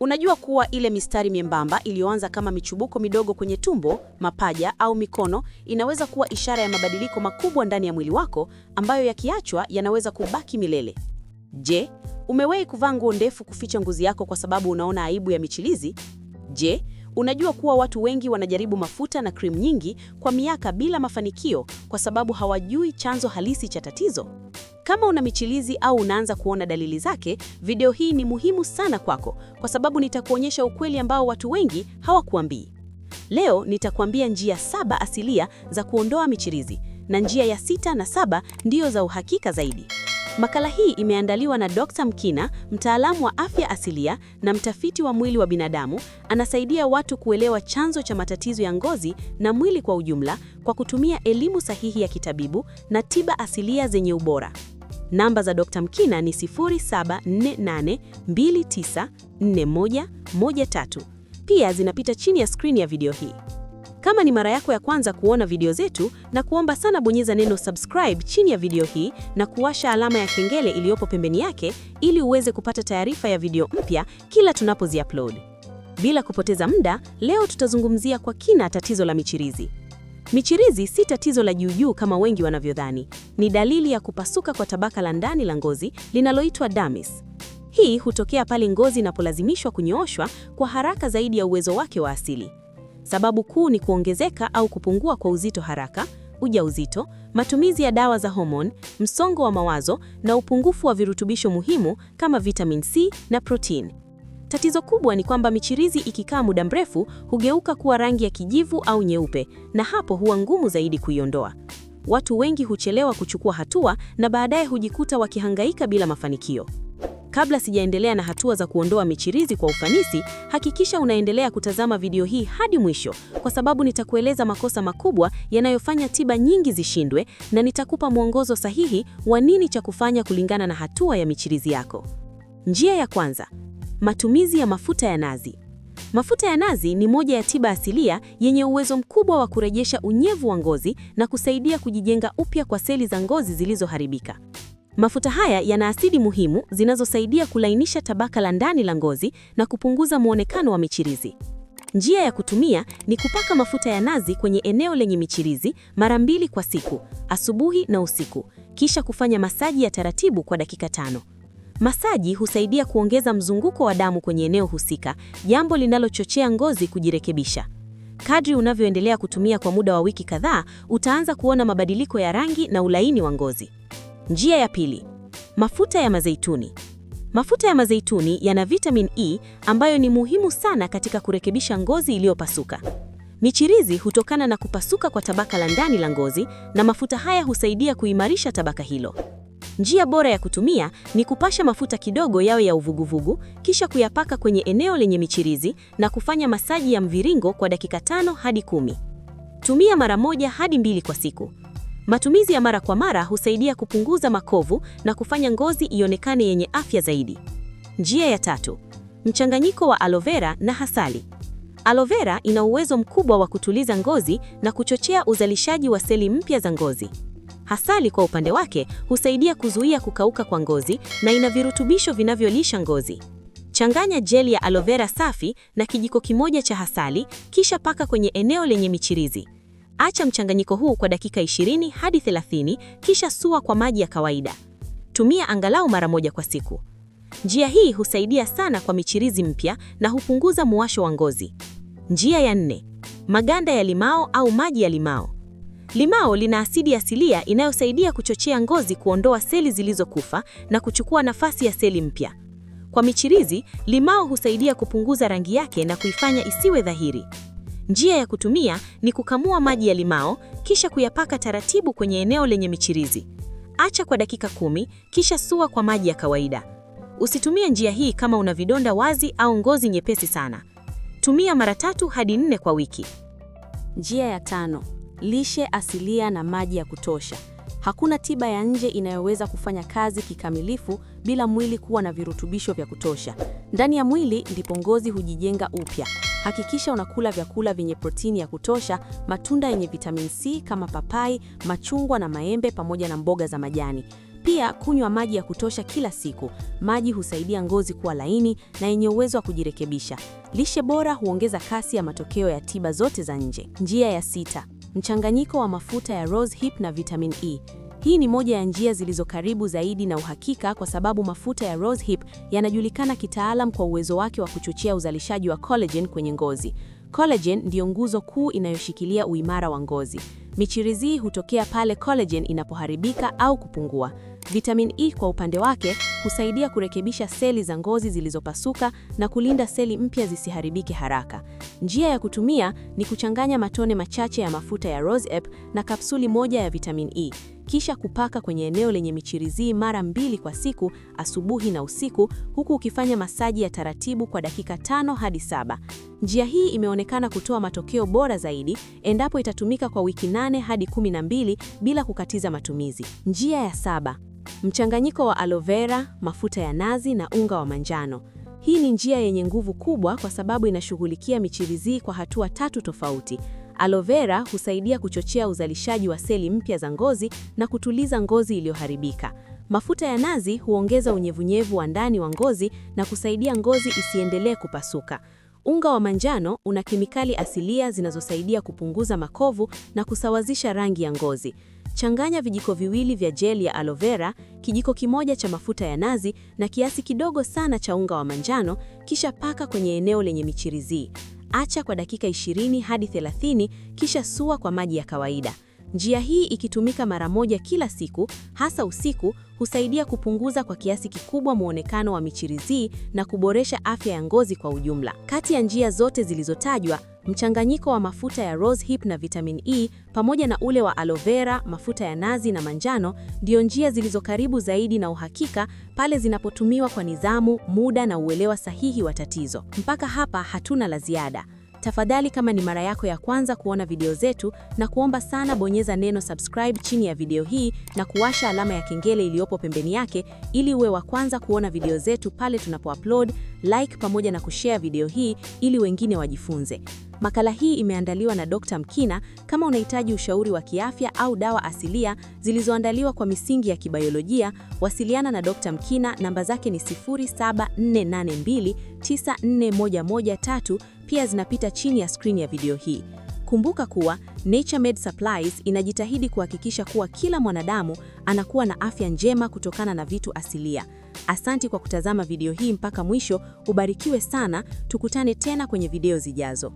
Unajua kuwa ile mistari miembamba iliyoanza kama michubuko midogo kwenye tumbo, mapaja au mikono inaweza kuwa ishara ya mabadiliko makubwa ndani ya mwili wako ambayo yakiachwa yanaweza kubaki milele. Je, umewahi kuvaa nguo ndefu kuficha ngozi yako kwa sababu unaona aibu ya michilizi Je, unajua kuwa watu wengi wanajaribu mafuta na krimu nyingi kwa miaka bila mafanikio kwa sababu hawajui chanzo halisi cha tatizo? Kama una michirizi au unaanza kuona dalili zake, video hii ni muhimu sana kwako kwa sababu nitakuonyesha ukweli ambao watu wengi hawakuambii. Leo nitakuambia njia saba asilia za kuondoa michirizi na njia ya sita na saba ndiyo za uhakika zaidi. Makala hii imeandaliwa na Dr. Mkina, mtaalamu wa afya asilia na mtafiti wa mwili wa binadamu. Anasaidia watu kuelewa chanzo cha matatizo ya ngozi na mwili kwa ujumla kwa kutumia elimu sahihi ya kitabibu na tiba asilia zenye ubora. Namba za Dr. Mkina ni 0748294113. Pia zinapita chini ya skrini ya video hii. Kama ni mara yako ya kwanza kuona video zetu, na kuomba sana bonyeza neno subscribe chini ya video hii na kuwasha alama ya kengele iliyopo pembeni yake ili uweze kupata taarifa ya video mpya kila tunapoziupload. Bila kupoteza muda, leo tutazungumzia kwa kina tatizo la michirizi. Michirizi si tatizo la juujuu kama wengi wanavyodhani. Ni dalili ya kupasuka kwa tabaka la ndani la ngozi linaloitwa dermis. Hii hutokea pale ngozi inapolazimishwa kunyooshwa kwa haraka zaidi ya uwezo wake wa asili. Sababu kuu ni kuongezeka au kupungua kwa uzito haraka, ujauzito, matumizi ya dawa za homoni, msongo wa mawazo na upungufu wa virutubisho muhimu kama vitamin C na protini. Tatizo kubwa ni kwamba michirizi ikikaa muda mrefu hugeuka kuwa rangi ya kijivu au nyeupe, na hapo huwa ngumu zaidi kuiondoa. Watu wengi huchelewa kuchukua hatua na baadaye hujikuta wakihangaika bila mafanikio. Kabla sijaendelea na hatua za kuondoa michirizi kwa ufanisi, hakikisha unaendelea kutazama video hii hadi mwisho, kwa sababu nitakueleza makosa makubwa yanayofanya tiba nyingi zishindwe na nitakupa mwongozo sahihi wa nini cha kufanya kulingana na hatua ya michirizi yako. Njia ya kwanza: Matumizi ya mafuta ya nazi. Mafuta ya nazi ni moja ya tiba asilia yenye uwezo mkubwa wa kurejesha unyevu wa ngozi na kusaidia kujijenga upya kwa seli za ngozi zilizoharibika. Mafuta haya yana asidi muhimu zinazosaidia kulainisha tabaka la ndani la ngozi na kupunguza muonekano wa michirizi. Njia ya kutumia ni kupaka mafuta ya nazi kwenye eneo lenye michirizi mara mbili kwa siku, asubuhi na usiku, kisha kufanya masaji ya taratibu kwa dakika tano. Masaji husaidia kuongeza mzunguko wa damu kwenye eneo husika, jambo linalochochea ngozi kujirekebisha. Kadri unavyoendelea kutumia kwa muda wa wiki kadhaa, utaanza kuona mabadiliko ya rangi na ulaini wa ngozi. Njia ya pili, mafuta ya mazeituni. Mafuta ya mazeituni yana vitamin E ambayo ni muhimu sana katika kurekebisha ngozi iliyopasuka. Michirizi hutokana na kupasuka kwa tabaka la ndani la ngozi na mafuta haya husaidia kuimarisha tabaka hilo. Njia bora ya kutumia ni kupasha mafuta kidogo yawe ya uvuguvugu, kisha kuyapaka kwenye eneo lenye michirizi na kufanya masaji ya mviringo kwa dakika tano hadi kumi. Tumia mara moja hadi mbili kwa siku. Matumizi ya mara kwa mara husaidia kupunguza makovu na kufanya ngozi ionekane yenye afya zaidi. Njia ya tatu, mchanganyiko wa aloe vera na hasali. Aloe vera ina uwezo mkubwa wa kutuliza ngozi na kuchochea uzalishaji wa seli mpya za ngozi. Asali kwa upande wake husaidia kuzuia kukauka kwa ngozi na ina virutubisho vinavyolisha ngozi. Changanya jeli ya aloe vera safi na kijiko kimoja cha asali, kisha paka kwenye eneo lenye michirizi. Acha mchanganyiko huu kwa dakika 20 hadi 30, kisha sua kwa maji ya kawaida. Tumia angalau mara moja kwa siku. Njia hii husaidia sana kwa michirizi mpya na hupunguza muwasho wa ngozi. Njia ya nne: maganda ya limao au maji ya limao. Limao lina asidi asilia inayosaidia kuchochea ngozi kuondoa seli zilizokufa na kuchukua nafasi ya seli mpya. Kwa michirizi, limao husaidia kupunguza rangi yake na kuifanya isiwe dhahiri. Njia ya kutumia ni kukamua maji ya limao kisha kuyapaka taratibu kwenye eneo lenye michirizi. Acha kwa dakika kumi kisha sua kwa maji ya kawaida. Usitumie njia hii kama una vidonda wazi au ngozi nyepesi sana. Tumia mara tatu hadi nne kwa wiki. Njia ya tano lishe asilia na maji ya kutosha. Hakuna tiba ya nje inayoweza kufanya kazi kikamilifu bila mwili kuwa na virutubisho vya kutosha. Ndani ya mwili ndipo ngozi hujijenga upya. Hakikisha unakula vyakula vyenye protini ya kutosha, matunda yenye vitamin C kama papai, machungwa na maembe pamoja na mboga za majani. Pia kunywa maji ya kutosha kila siku. Maji husaidia ngozi kuwa laini na yenye uwezo wa kujirekebisha. Lishe bora huongeza kasi ya matokeo ya tiba zote za nje. Njia ya sita: mchanganyiko wa mafuta ya rose hip na vitamin E. Hii ni moja ya njia zilizo karibu zaidi na uhakika kwa sababu mafuta ya rose hip yanajulikana kitaalam kwa uwezo wake wa kuchochea uzalishaji wa collagen kwenye ngozi. Collagen ndiyo nguzo kuu inayoshikilia uimara wa ngozi. Michirizi hutokea pale collagen inapoharibika au kupungua. Vitamin E kwa upande wake husaidia kurekebisha seli za ngozi zilizopasuka na kulinda seli mpya zisiharibike haraka. Njia ya kutumia ni kuchanganya matone machache ya mafuta ya rosehip na kapsuli moja ya vitamin E kisha kupaka kwenye eneo lenye michirizi mara mbili kwa siku, asubuhi na usiku, huku ukifanya masaji ya taratibu kwa dakika tano hadi saba. Njia hii imeonekana kutoa matokeo bora zaidi endapo itatumika kwa wiki nane hadi kumi na mbili bila kukatiza matumizi. Njia ya saba, mchanganyiko wa aloe vera, mafuta ya nazi na unga wa manjano. Hii ni njia yenye nguvu kubwa kwa sababu inashughulikia michirizi kwa hatua tatu tofauti. Aloe vera husaidia kuchochea uzalishaji wa seli mpya za ngozi na kutuliza ngozi iliyoharibika. Mafuta ya nazi huongeza unyevunyevu wa ndani wa ngozi na kusaidia ngozi isiendelee kupasuka. Unga wa manjano una kemikali asilia zinazosaidia kupunguza makovu na kusawazisha rangi ya ngozi. Changanya vijiko viwili vya jeli ya aloe vera, kijiko kimoja cha mafuta ya nazi na kiasi kidogo sana cha unga wa manjano, kisha paka kwenye eneo lenye michirizi acha kwa dakika 20 hadi 30, kisha sua kwa maji ya kawaida. Njia hii ikitumika mara moja kila siku, hasa usiku, husaidia kupunguza kwa kiasi kikubwa muonekano wa michirizii na kuboresha afya ya ngozi kwa ujumla. Kati ya njia zote zilizotajwa, mchanganyiko wa mafuta ya rose hip na vitamin E pamoja na ule wa aloe vera, mafuta ya nazi na manjano ndio njia zilizo karibu zaidi na uhakika pale zinapotumiwa kwa nidhamu, muda na uelewa sahihi wa tatizo. Mpaka hapa hatuna la ziada. Tafadhali, kama ni mara yako ya kwanza kuona video zetu, na kuomba sana bonyeza neno subscribe chini ya video hii na kuwasha alama ya kengele iliyopo pembeni yake ili uwe wa kwanza kuona video zetu pale tunapoupload, like pamoja na kushare video hii ili wengine wajifunze. Makala hii imeandaliwa na Dr. Mkina. Kama unahitaji ushauri wa kiafya au dawa asilia zilizoandaliwa kwa misingi ya kibayolojia, wasiliana na Dr. Mkina. Namba zake ni 0748294113, pia zinapita chini ya skrini ya video hii. Kumbuka kuwa Naturemed Supplies inajitahidi kuhakikisha kuwa kila mwanadamu anakuwa na afya njema kutokana na vitu asilia. Asanti kwa kutazama video hii mpaka mwisho. Ubarikiwe sana, tukutane tena kwenye video zijazo.